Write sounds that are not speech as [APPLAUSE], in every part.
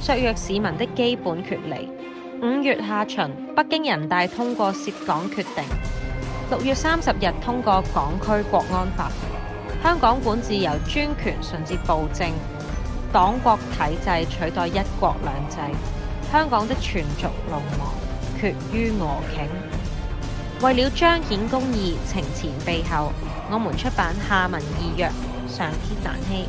削弱市民的基本權利。五月下旬，北京人大通過涉港決定；六月三十日通過港區國安法。香港管治由專權甚至暴政，黨國體制取代一國兩制。香港的全族龍亡，決於俄頃。為了彰顯公義，懲前毖後，我們出版下文異約，上天難欺。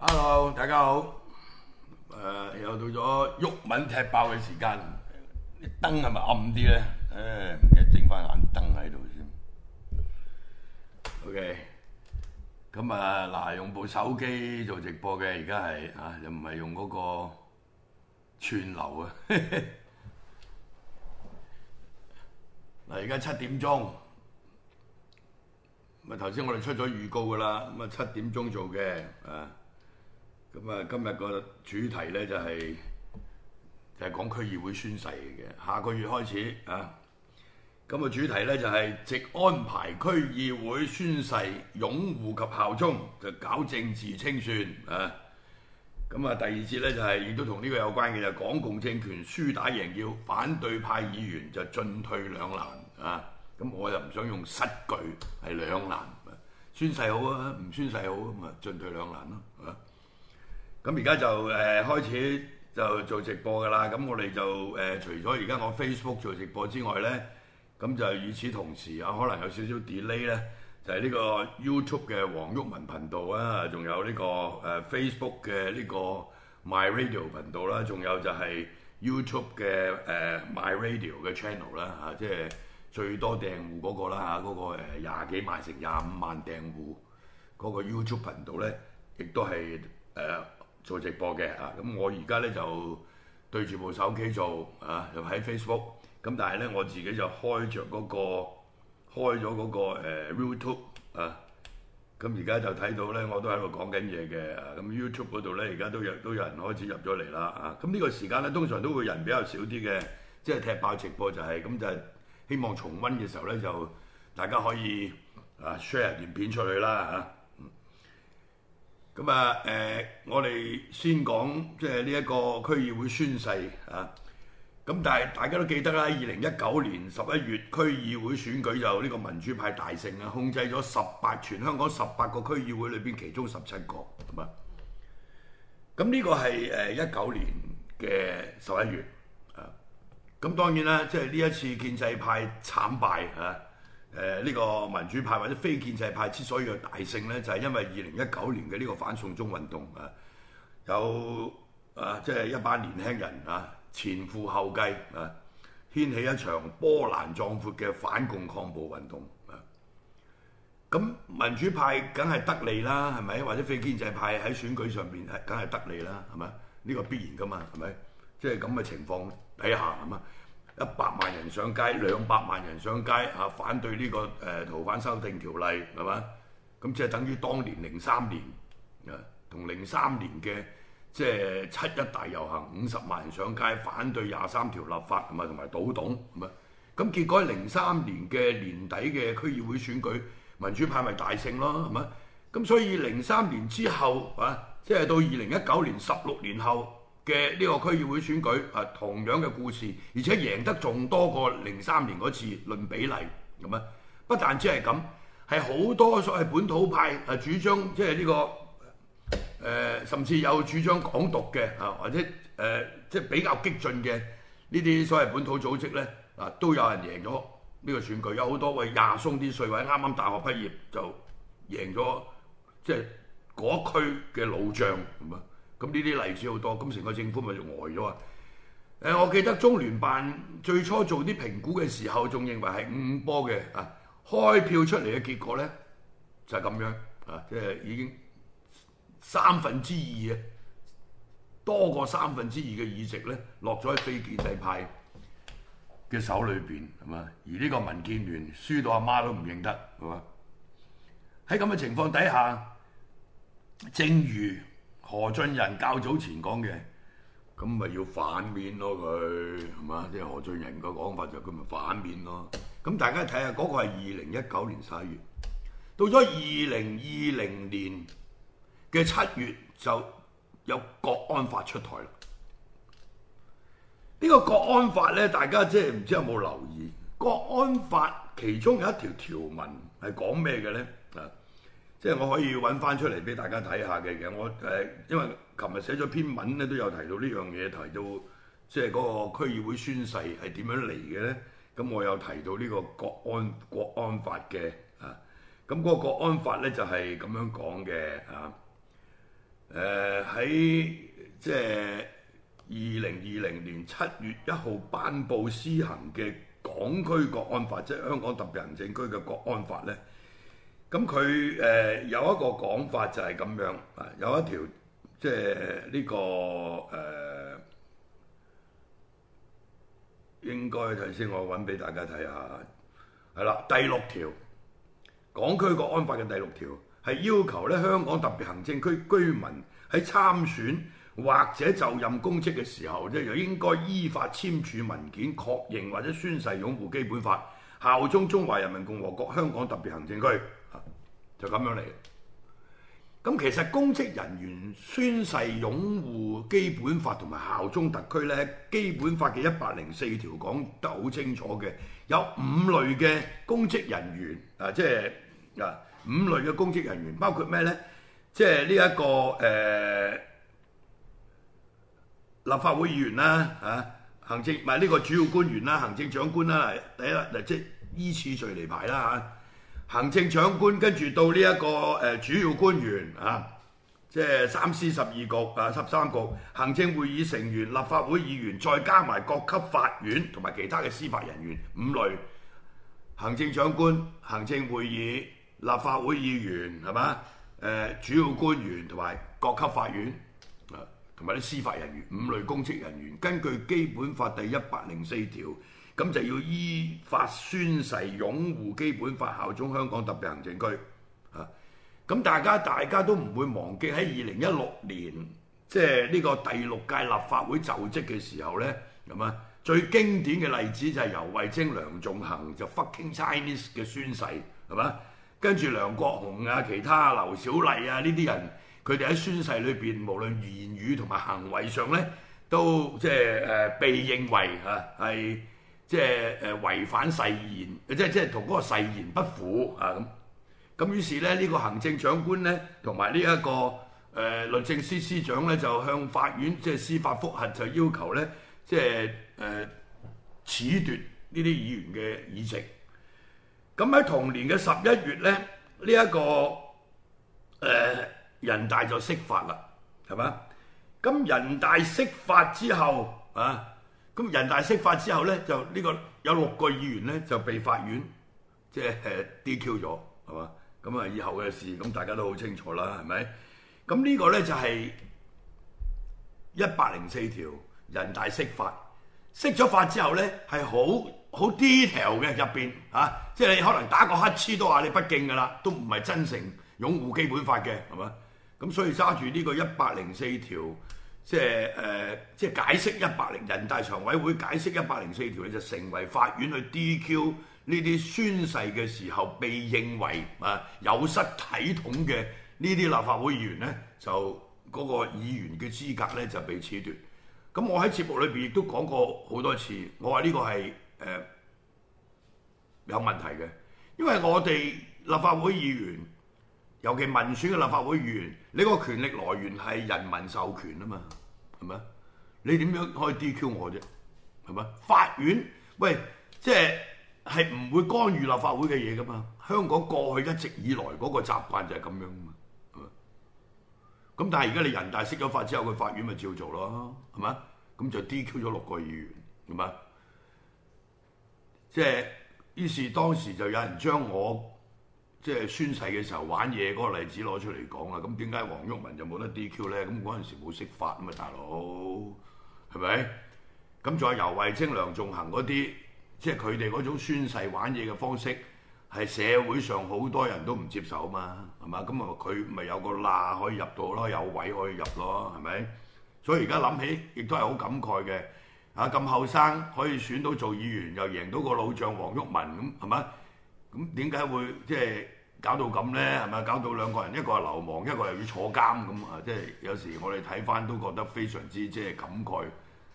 Hello，大家好。誒、呃，又到咗毓民踢爆嘅時間，啲燈係咪暗啲咧？誒，唔該整翻眼燈喺度先。OK，咁、嗯、啊，嗱，用部手機做直播嘅，而家係吓又唔係用嗰個串流啊。嗱，而家七點鐘，咪頭先我哋出咗預告噶啦。咁啊，七點鐘做嘅，誒、啊。咁啊，今日個主題呢、就係，就係就係講區議會宣誓嘅，下個月開始啊，今日主題呢、就係，就係藉安排區議會宣誓，擁護及效忠就搞政治清算啊。咁啊，第二節呢、就係，就係亦都同呢個有關嘅，就係、港共政權輸打贏要，反對派議員就進退兩難啊。咁我又唔想用失據，係兩難、啊、宣誓好啊，唔宣誓好，咁啊，進退兩難咯、啊。咁而家就誒開始就做直播㗎啦。咁我哋就誒、呃、除咗而家我 Facebook 做直播之外呢，咁就與此同時啊，可能有少少 delay 呢，就係、是、呢個 YouTube 嘅黃毓民頻道啦，仲有呢、這個誒、呃、Facebook 嘅呢個 My Radio 頻道啦，仲有就係 YouTube 嘅誒、呃、My Radio 嘅 channel 啦嚇，即係最多訂戶嗰、那個啦嚇，嗰、那個廿幾萬成廿五萬訂戶嗰、那個 YouTube 頻道呢，亦都係誒。呃做直播嘅啊，咁我而家咧就對住部手機做啊，又喺 Facebook，咁、啊、但係咧我自己就開着嗰、個開咗嗰、個、呃、YouTube 啊，咁而家就睇到咧我都喺度講緊嘢嘅，咁 YouTube 嗰度咧而家都亦都有人開始入咗嚟啦啊，咁呢個時間咧通常都會人比較少啲嘅，即、就、係、係、踢爆直播就係、係、咁就希望重温嘅時候咧就大家可以啊 share 段片出去啦嚇。啊咁啊，誒、呃，我哋先講即係呢一個區議會宣誓嚇。咁、啊、但係大家都記得啦，二零一九年十一月區議會選舉就呢個民主派大勝啦、啊，控制咗十八全香港十八個區議會裏邊其中十七個。咁啊，咁呢個係誒一九年嘅十一月。啊，咁當然啦，即係呢一次建制派慘敗嚇。啊誒呢個民主派或者非建制派之所以嘅大勝呢，就係、是、因為二零一九年嘅呢個反送中運動啊，有、就是、啊，即係一班年輕人啊前赴後繼啊，掀起一場波瀾壯闊嘅反共抗暴運動啊。咁、啊、民主派梗係得利啦，係咪？或者非建制派喺選舉上邊係梗係得利啦，係咪？呢、這個必然㗎嘛，係咪？即係咁嘅情況底下係咪？一百萬人上街，兩百萬人上街嚇，反對呢、這個誒、呃、逃犯修訂條例係嘛？咁即係等於當年零三年，誒同零三年嘅即係七一大遊行，五十萬人上街反對廿三條立法同埋同埋賭董，咁啊咁結果係零三年嘅年底嘅區議會選舉，民主派咪大勝咯係嘛？咁所以零三年之後啊，即係到二零一九年十六年後。嘅呢個區議會選舉，誒、啊、同樣嘅故事，而且贏得仲多過零三年嗰次論比例咁啊！不但只係咁，係好多所謂本土派，係主張即係呢、這個誒、呃，甚至有主張港獨嘅啊，或者誒、呃、即係比較激進嘅呢啲所謂本土組織咧，啊都有人贏咗呢個選舉，有好多位廿鬆啲歲位啱啱大學畢業就贏咗即係嗰區嘅老將咁啊！咁呢啲例子好多，咁成個政府咪就呆咗啊？誒，我記得中聯辦最初做啲評估嘅時候，仲認為係五五波嘅啊，開票出嚟嘅結果咧就係咁樣啊，即係已經三分之二啊多過三分之二嘅議席咧，落咗喺非建制派嘅手裏邊係嘛？而呢個民建聯輸到阿媽都唔認得係嘛？喺咁嘅情況底下，正如何俊仁較早前講嘅，咁咪要反面咯佢，係嘛？即係何俊仁個講法就佢咪反面咯。咁大家睇下嗰個係二零一九年十一月，到咗二零二零年嘅七月就有國安法出台啦。呢個國安法咧，大家即係唔知有冇留意？國安法其中有一條條文係講咩嘅咧？即係我可以揾翻出嚟俾大家睇下嘅，我誒因為琴日寫咗篇文咧，都有提到呢樣嘢，提到即係嗰個區議會宣誓係點樣嚟嘅咧。咁我有提到呢個國安國安法嘅啊，咁、那、嗰個國安法咧就係咁樣講嘅啊。誒喺即係二零二零年七月一號頒布施行嘅港區國安法，即係香港特別行政區嘅國安法咧。咁佢誒有一個講法就係咁樣啊，有一條即係呢、這個誒、呃、應該頭先，我揾俾大家睇下係啦。第六條《港區國安法》嘅第六條係要求咧，香港特別行政區居民喺參選或者就任公職嘅時候咧，又應該依法簽署文件確認或者宣誓擁護基本法，效忠中華人民共和國香港特別行政區。就咁樣嚟，咁其實公職人員宣誓擁護基本法同埋效忠特區咧，基本法嘅一百零四條講得好清楚嘅，有五類嘅公職人員啊，即係啊五類嘅公職人員，包括咩咧？即係呢一個誒、呃、立法會議員啦，嚇、啊、行政唔係呢個主要官員啦，行政長官啦，第一嗱即係依次序嚟排啦嚇。啊。行政長官跟住到呢一個誒主要官員啊，即係三司十二局啊，十三局行政會議成員、立法會議員，再加埋各級法院同埋其他嘅司法人員五類。行政長官、行政會議、立法會議員係嘛？誒主要官員同埋各級法院啊，同埋啲司法人員五類公職人員，根據基本法第一百零四條。咁就要依法宣誓，擁護基本法，效忠香港特別行政區。啊，咁大家大家都唔會忘記喺二零一六年，即係呢個第六屆立法會就職嘅時候呢咁啊，最經典嘅例子就係游蕙禎梁頌恆就 fucking Chinese 嘅宣誓，係、啊、嘛？跟住梁國雄啊，其他劉小麗啊呢啲人，佢哋喺宣誓裏邊，無論言語同埋行為上呢都即係、就是呃、被認為啊係。即係誒違反誓言，即係即係同嗰個誓言不符啊咁。咁於是咧，呢、這個行政長官咧，同埋呢一個誒、呃、律政司司長咧，就向法院即係司法覆核，就要求咧，即係誒褫奪呢啲議員嘅議席。咁、嗯、喺同年嘅十一月咧，呢、這、一個誒、呃、人大就釋法啦，係嘛？咁人大釋法之後啊。咁人大釋法之後咧，就呢個有六個議員咧就被法院即係 DQ 咗，係嘛？咁啊以後嘅事，咁大家都好清楚啦，係咪？咁呢個咧就係一百零四條人大釋法釋咗法之後咧，係好好 detail 嘅入邊啊！即係你可能打個乞嗤都話你不敬㗎啦，都唔係真誠擁護基本法嘅，係嘛？咁所以揸住呢個一百零四條。即係誒、呃，即係解釋一百零人大常委會解釋一百零四條咧，就成為法院去 DQ 呢啲宣誓嘅時候被認為啊有失體統嘅呢啲立法會議員咧，就嗰、那個議員嘅資格咧就被褫奪。咁我喺節目裏邊亦都講過好多次，我話呢個係誒、呃、有問題嘅，因為我哋立法會議員。尤其民選嘅立法會議員，你個權力來源係人民授權啊嘛，係咪？你點樣可以 DQ 我啫？係咪？法院喂，即係係唔會干預立法會嘅嘢噶嘛？香港過去一直以來嗰個習慣就係咁樣啊嘛。係咪？咁但係而家你人大釋咗法之後，佢法院咪照做咯，係咪啊？咁就 DQ 咗六個議員，係咪？即係於是當時就有人將我。即係宣誓嘅時候玩嘢嗰個例子攞出嚟講啦，咁點解黃毓民就冇得 DQ 咧？咁嗰陣時冇釋法啊嘛，大佬係咪？咁仲有游蕙禎梁頌恆嗰啲，即係佢哋嗰種宣誓玩嘢嘅方式，係社會上好多人都唔接受啊嘛，係嘛？咁啊佢咪有個罅可以入到咯，有位可以入咯，係咪？所以而家諗起亦都係好感慨嘅，啊咁後生可以選到做議員，又贏到個老將黃毓民，咁，係咪？咁點解會即係搞到咁呢？係咪搞到兩個人一個係流亡，一個又要坐監咁啊？即係有時我哋睇翻都覺得非常之即係感慨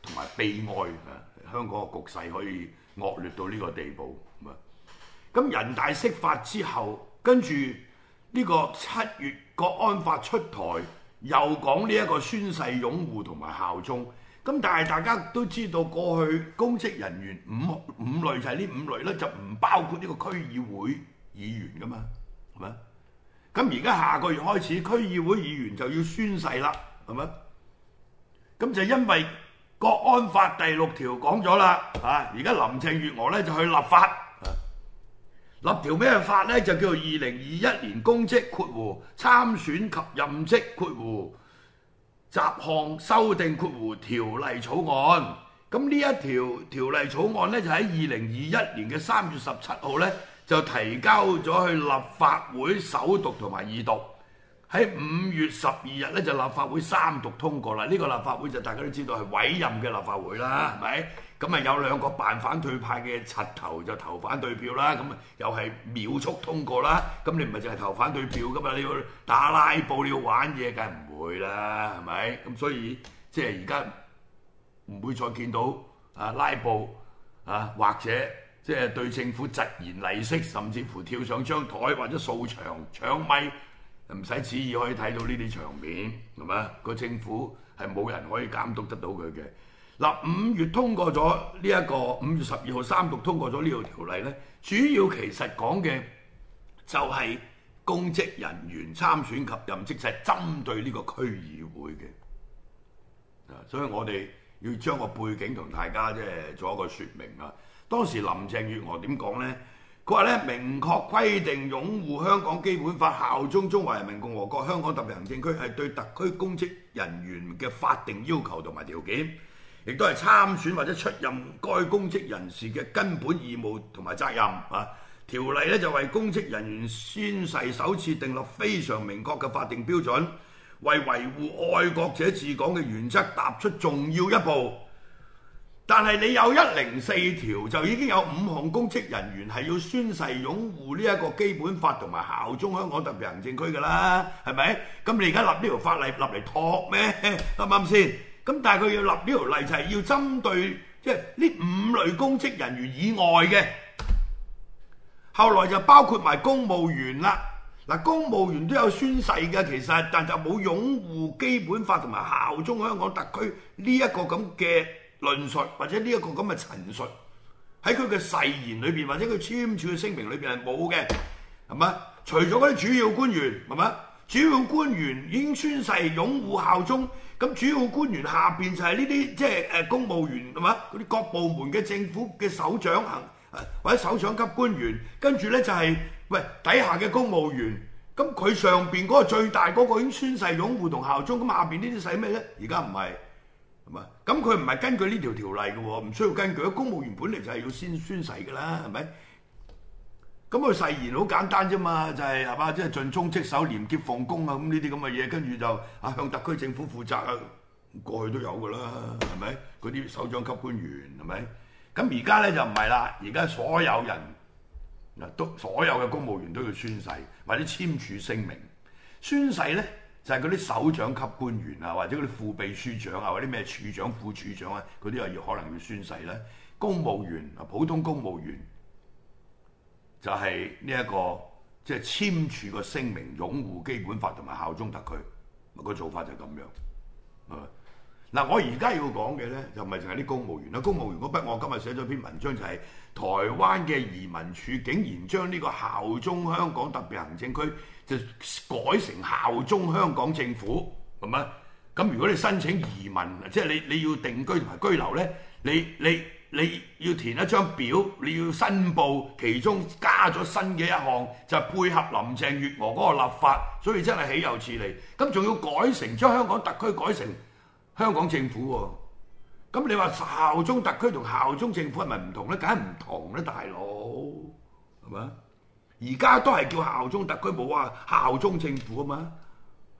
同埋悲哀啊！香港嘅局勢可以惡劣到呢個地步咁啊！咁人大釋法之後，跟住呢個七月國安法出台，又講呢一個宣誓擁護同埋效忠。咁但係大家都知道過去公職人員五五類就係呢五類咧，就唔包括呢個區議會議員㗎嘛，係咪？咁而家下個月開始區議會議員就要宣誓啦，係咪？咁就因為《國安法》第六條講咗啦，啊！而家林鄭月娥咧就去立法，立條咩法咧就叫做《二零二一年公職括弧參選及任職括弧》。《雜項修訂括弧條例草案》，咁呢一條條例草案咧，就喺二零二一年嘅三月十七號咧，就提交咗去立法會首讀同埋二讀。喺五月十二日咧就立法會三讀通過啦，呢個立法會就大家都知道係委任嘅立法會啦，係咪？咁啊有兩個扮反對派嘅柒頭就投反對票啦，咁啊又係秒速通過啦，咁你唔係淨係投反對票噶嘛？你要打拉布，你要玩嘢，梗係唔會啦，係咪？咁所以即係而家唔會再見到啊拉布啊或者即係對政府疾言厲色，甚至乎跳上張台或者掃場搶咪。搶唔使旨意可以睇到呢啲場面，係咪啊？個政府係冇人可以監督得到佢嘅。嗱，五月通過咗呢一個五月十二號三讀通過咗呢條條例呢，主要其實講嘅就係公職人員參選及任職，即係針對呢個區議會嘅。所以我哋要將個背景同大家即係做一個説明啊。當時林鄭月娥點講呢？佢話咧，明確規定擁護香港基本法、效忠中華人民共和國香港特別行政區係對特區公職人員嘅法定要求同埋條件，亦都係參選或者出任該公職人士嘅根本義務同埋責任。啊，條例咧就為公職人員宣誓首次訂立非常明確嘅法定標準，為維護愛國者治港嘅原則踏出重要一步。但係你有一零四條，就已經有五項公職人員係要宣誓擁護呢一個基本法同埋效忠香港特別行政區㗎啦，係咪？咁你而家立呢條法例立嚟托咩？啱唔啱先？咁但係佢要立呢條例就係要針對即係呢五類公職人員以外嘅，後來就包括埋公務員啦。嗱，公務員都有宣誓嘅，其實但就冇擁護基本法同埋效忠香港特區呢一個咁嘅。論述或者呢一個咁嘅陳述喺佢嘅誓言裏邊，或者佢簽署嘅聲明裏邊係冇嘅，係咪？除咗嗰啲主要官員，係咪？主要官員已經宣誓擁護效忠，咁主要官員下邊就係呢啲即係誒公務員，係咪？嗰啲各部門嘅政府嘅首長行，或者首長級官員，跟住咧就係、是、喂底下嘅公務員，咁佢上邊嗰個最大嗰個已經宣誓擁護同效忠，咁下邊呢啲使咩咧？而家唔係。咁佢唔係根據呢條條例嘅喎，唔需要根據。公務員本嚟就係要先宣誓嘅啦，係咪？咁佢誓言好簡單啫嘛，就係係嘛，即係盡忠職守、廉潔奉公啊，咁呢啲咁嘅嘢，跟住就啊向特區政府負責啊，過去都有嘅啦，係咪？嗰啲首長級官員係咪？咁而家咧就唔係啦，而家所有人啊都所有嘅公務員都要宣誓或者簽署聲明，宣誓咧。就係嗰啲首長級官員啊，或者嗰啲副秘書長啊，或者咩處長、副處長啊，嗰啲又要可能要宣誓咧。公務員啊，普通公務員就係呢一個即係、就是、簽署個聲明，擁護基本法同埋效忠特區，嗰個做法就咁樣，係咪？嗱，我而家要講嘅呢，就唔係淨係啲公務員啦。公務員嗰筆，我今日寫咗篇文章、就係，就係台灣嘅移民處竟然將呢個效忠香港特別行政區就改成效忠香港政府，係咪？咁如果你申請移民，即、就、係、係、你你要定居同埋居留呢，你你你要填一張表，你要申報其中加咗新嘅一項，就係、配合林鄭月娥嗰個立法，所以真係豈有此理。咁仲要改成將香港特區改成？香港政府喎、啊，咁你話效忠特區同效忠政府係咪唔同咧？梗係唔同咧、啊，大佬係咪啊？而家都係叫效忠特區冇啊，效忠政府啊嘛，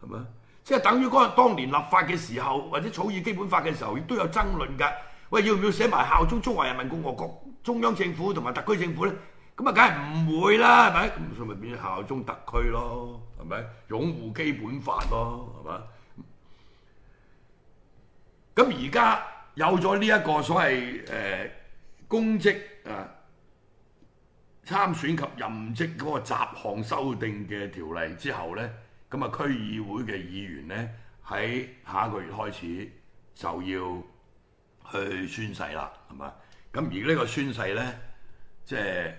係咪啊？即係等於嗰個當年立法嘅時候，或者草擬基本法嘅時候，亦都有爭論㗎。喂，要唔要寫埋效忠中華人民共和國中央政府同埋特區政府咧？咁啊，梗係唔會啦，係咪？咁所以咪變咗效忠特區咯，係咪？擁護基本法咯，係咪？咁而家有咗呢一個所謂誒、呃、公職啊、呃、參選及任職嗰個雜項修訂嘅條例之後咧，咁啊，區議會嘅議員咧，喺下一個月開始就要去宣誓啦，係嘛？咁而呢個宣誓咧，即係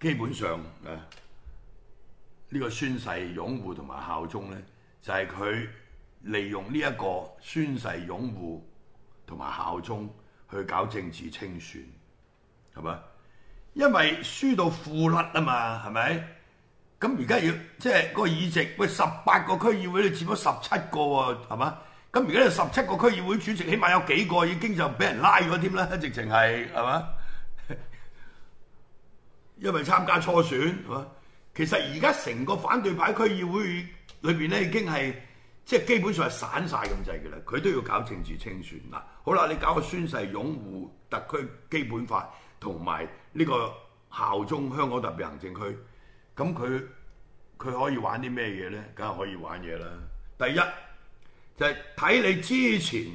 基本上啊，呢、呢個宣誓擁護同埋效忠咧，就係佢。利用呢一個宣誓擁護同埋效忠去搞政治清算，係咪？因為輸到富甩啊嘛，係咪？咁而家要即係、就是、個議席，喂，十八個區議會佔，你佔咗十七個喎，係嘛？咁而家十七個區議會主席，起碼有幾個已經就俾人拉咗添啦，直情係係嘛？ [LAUGHS] 因為參加初選係嘛？其實而家成個反對派區議會裏邊咧，已經係。即係基本上係散晒咁滯嘅啦，佢都要搞政治清算嗱。好啦，你搞個宣誓擁護特區基本法，同埋呢個效忠香港特別行政區，咁佢佢可以玩啲咩嘢咧？梗係可以玩嘢啦。第一就係、是、睇你之前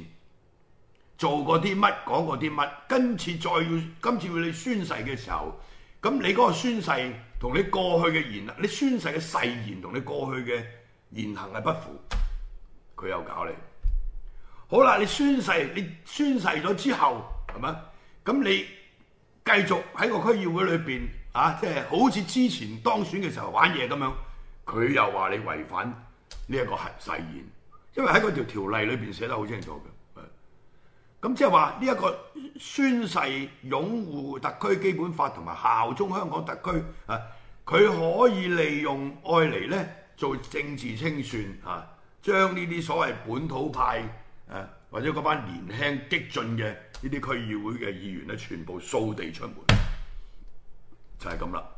做過啲乜，講過啲乜，今次再要今次要你宣誓嘅時候，咁你嗰個宣誓同你過去嘅言行，你宣誓嘅誓言同你過去嘅言行係不符。佢又搞你，好啦，你宣誓，你宣誓咗之後，係咪？咁你繼續喺個區議會裏邊啊，即係好似之前當選嘅時候玩嘢咁樣，佢又話你違反呢一個核誓言，因為喺嗰條條例裏邊寫得好清楚嘅。咁即係話呢一個宣誓擁護特區基本法同埋效忠香港特區啊，佢可以利用愛嚟，呢做政治清算啊！將呢啲所謂本土派，或者嗰班年輕激進嘅呢啲區議會嘅議員咧，全部掃地出門，就係咁啦。